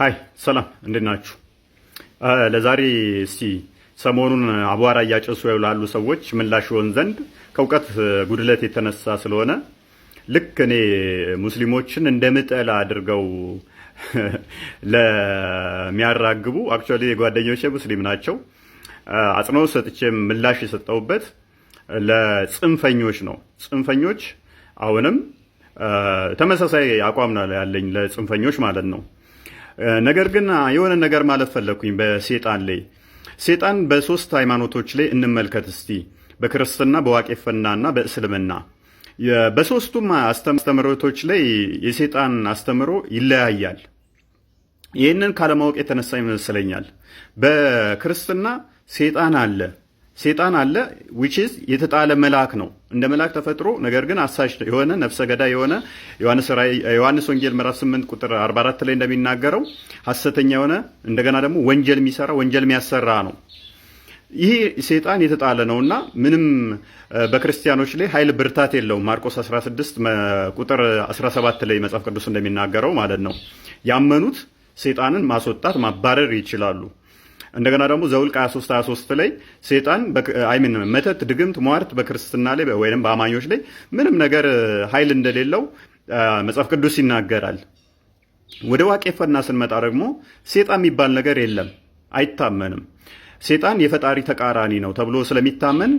ሀይ ሰላም፣ እንዴት ናችሁ? ለዛሬ እስቲ ሰሞኑን አቧራ እያጨሱ ላሉ ሰዎች ምላሽ ይሆን ዘንድ ከእውቀት ጉድለት የተነሳ ስለሆነ ልክ እኔ ሙስሊሞችን ምጠል አድርገው ለሚያራግቡ አክቹዋሊ የጓደኞቼ ሙስሊም ናቸው አጽንኦት ሰጥቼ ምላሽ የሰጠውበት ለጽንፈኞች ነው። ጽንፈኞች አሁንም ተመሳሳይ አቋም ያለኝ ለጽንፈኞች ማለት ነው። ነገር ግን የሆነ ነገር ማለት ፈለግኩኝ በሴጣን ላይ ሴጣን በሶስት ሃይማኖቶች ላይ እንመልከት እስቲ በክርስትና በዋቄፈናና በእስልምና በሶስቱም አስተምሮቶች ላይ የሴጣን አስተምህሮ ይለያያል። ይህንን ካለማወቅ የተነሳ ይመስለኛል በክርስትና ሴጣን አለ ሴጣን አለ ዊችዝ የተጣለ መልአክ ነው። እንደ መልአክ ተፈጥሮ ነገር ግን አሳሽ የሆነ ነፍሰ ገዳይ የሆነ ዮሐንስ ወንጌል ምዕራፍ 8 ቁጥር 44 ላይ እንደሚናገረው ሐሰተኛ የሆነ እንደገና ደግሞ ወንጀል የሚሰራ ወንጀል የሚያሰራ ነው። ይሄ ሴጣን የተጣለ እና ምንም በክርስቲያኖች ላይ ኃይል ብርታት የለውም። ማርቆስ 16 ቁጥር 17 ላይ መጽሐፍ ቅዱስ እንደሚናገረው ማለት ነው። ያመኑት ሴጣንን ማስወጣት ማባረር ይችላሉ። እንደገና ደግሞ ዘውልቅ 23 23 ላይ ሴጣን አይምን መተት፣ ድግምት፣ ሟርት በክርስትና ላይ ወይም በአማኞች ላይ ምንም ነገር ኃይል እንደሌለው መጽሐፍ ቅዱስ ይናገራል። ወደ ዋቄፈና ስንመጣ ደግሞ ሴጣን የሚባል ነገር የለም፣ አይታመንም። ሴጣን የፈጣሪ ተቃራኒ ነው ተብሎ ስለሚታመን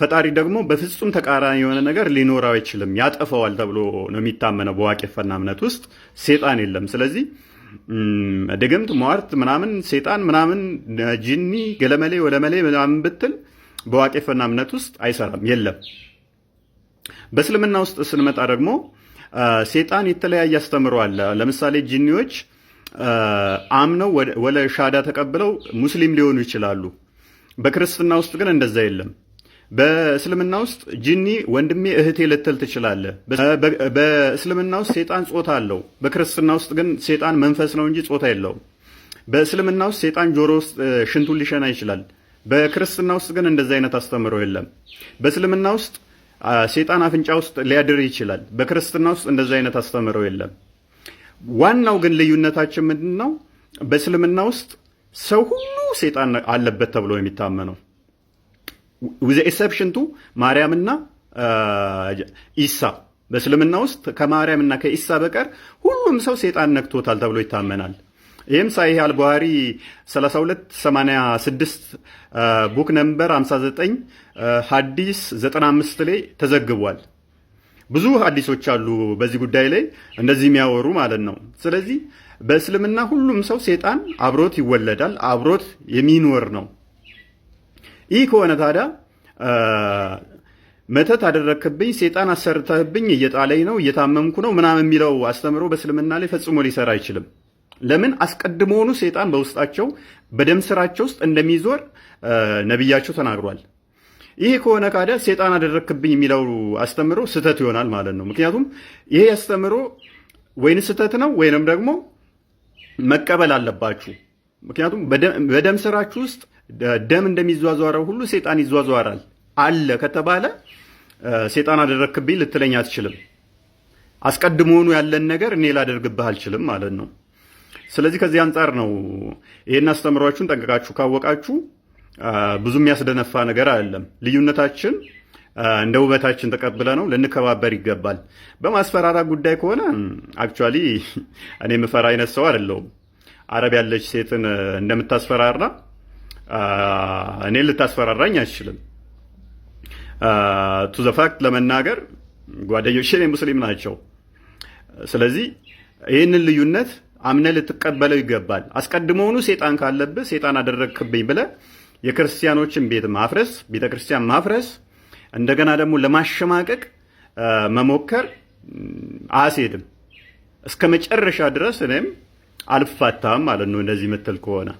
ፈጣሪ ደግሞ በፍጹም ተቃራኒ የሆነ ነገር ሊኖረው አይችልም፣ ያጠፈዋል ተብሎ ነው የሚታመነው። በዋቄፈና እምነት ውስጥ ሴጣን የለም። ስለዚህ ድግምት ሟርት ምናምን ሴጣን ምናምን ጂኒ ገለመሌ ወለመሌ ምናምን ብትል በዋቄፈና እምነት ውስጥ አይሰራም፣ የለም። በእስልምና ውስጥ ስንመጣ ደግሞ ሴጣን የተለያየ አስተምሮ አለ። ለምሳሌ ጂኒዎች አምነው ወለ ሻዳ ተቀብለው ሙስሊም ሊሆኑ ይችላሉ። በክርስትና ውስጥ ግን እንደዛ የለም። በእስልምና ውስጥ ጅኒ ወንድሜ እህቴ ልትል ትችላለህ። በእስልምና ውስጥ ሴጣን ጾታ አለው። በክርስትና ውስጥ ግን ሴጣን መንፈስ ነው እንጂ ጾታ የለውም። በእስልምና ውስጥ ሴጣን ጆሮ ውስጥ ሽንቱን ሊሸና ይችላል። በክርስትና ውስጥ ግን እንደዚህ አይነት አስተምሮ የለም። በእስልምና ውስጥ ሴጣን አፍንጫ ውስጥ ሊያድር ይችላል። በክርስትና ውስጥ እንደዚህ አይነት አስተምሮ የለም። ዋናው ግን ልዩነታችን ምንድን ነው? በእስልምና ውስጥ ሰው ሁሉ ሴጣን አለበት ተብሎ የሚታመነው ዊዘ ቱ ማርያምና ኢሳ በእስልምና ውስጥ ከማርያምና ከኢሳ በቀር ሁሉም ሰው ሴጣን ነክቶታል ተብሎ ይታመናል። ይህም ሳይህ አልቡሃሪ 3286 ቡክ ነምበር 59 ሀዲስ 95 ላይ ተዘግቧል። ብዙ ሀዲሶች አሉ በዚህ ጉዳይ ላይ እንደዚህ የሚያወሩ ማለት ነው። ስለዚህ በእስልምና ሁሉም ሰው ሴጣን አብሮት ይወለዳል፣ አብሮት የሚኖር ነው። ይህ ከሆነ ታዲያ መተት አደረግክብኝ፣ ሴጣን አሰርተህብኝ፣ እየጣለኝ ነው፣ እየታመምኩ ነው ምናምን የሚለው አስተምሮ በእስልምና ላይ ፈጽሞ ሊሰራ አይችልም። ለምን? አስቀድሞውኑ ሴጣን በውስጣቸው በደም ስራቸው ውስጥ እንደሚዞር ነቢያቸው ተናግሯል። ይሄ ከሆነ ካዲያ ሴጣን አደረግክብኝ የሚለው አስተምሮ ስህተት ይሆናል ማለት ነው። ምክንያቱም ይሄ አስተምሮ ወይን ስህተት ነው ወይንም ደግሞ መቀበል አለባችሁ። ምክንያቱም በደም ስራችሁ ውስጥ ደም እንደሚዟዟረው ሁሉ ሴጣን ይዟዟራል አለ ከተባለ ሴጣን አደረክብኝ ልትለኝ አትችልም። አስቀድሞኑ ያለን ነገር እኔ ላደርግብህ አልችልም ማለት ነው። ስለዚህ ከዚህ አንጻር ነው ይህን አስተምሯችሁን ጠንቀቃችሁ ካወቃችሁ ብዙ የሚያስደነፋ ነገር አይደለም። ልዩነታችን እንደ ውበታችን ተቀብለ ነው ልንከባበር ይገባል። በማስፈራራ ጉዳይ ከሆነ አክቹዋሊ እኔ የምፈራ አይነት ሰው አይደለሁም። አረብ ያለች ሴትን እንደምታስፈራራ እኔ ልታስፈራራኝ አይችልም። ፋክት ለመናገር ጓደኞቼ ሙስሊም ናቸው። ስለዚህ ይህንን ልዩነት አምነ ልትቀበለው ይገባል። አስቀድሞውኑ ሴጣን ካለብህ ሴጣን አደረግክብኝ ብለህ የክርስቲያኖችን ቤት ማፍረስ፣ ቤተክርስቲያን ማፍረስ፣ እንደገና ደግሞ ለማሸማቀቅ መሞከር አያስሄድም። እስከ መጨረሻ ድረስ እኔም አልፋታም ማለት ነው እንደዚህ ምትል ከሆነ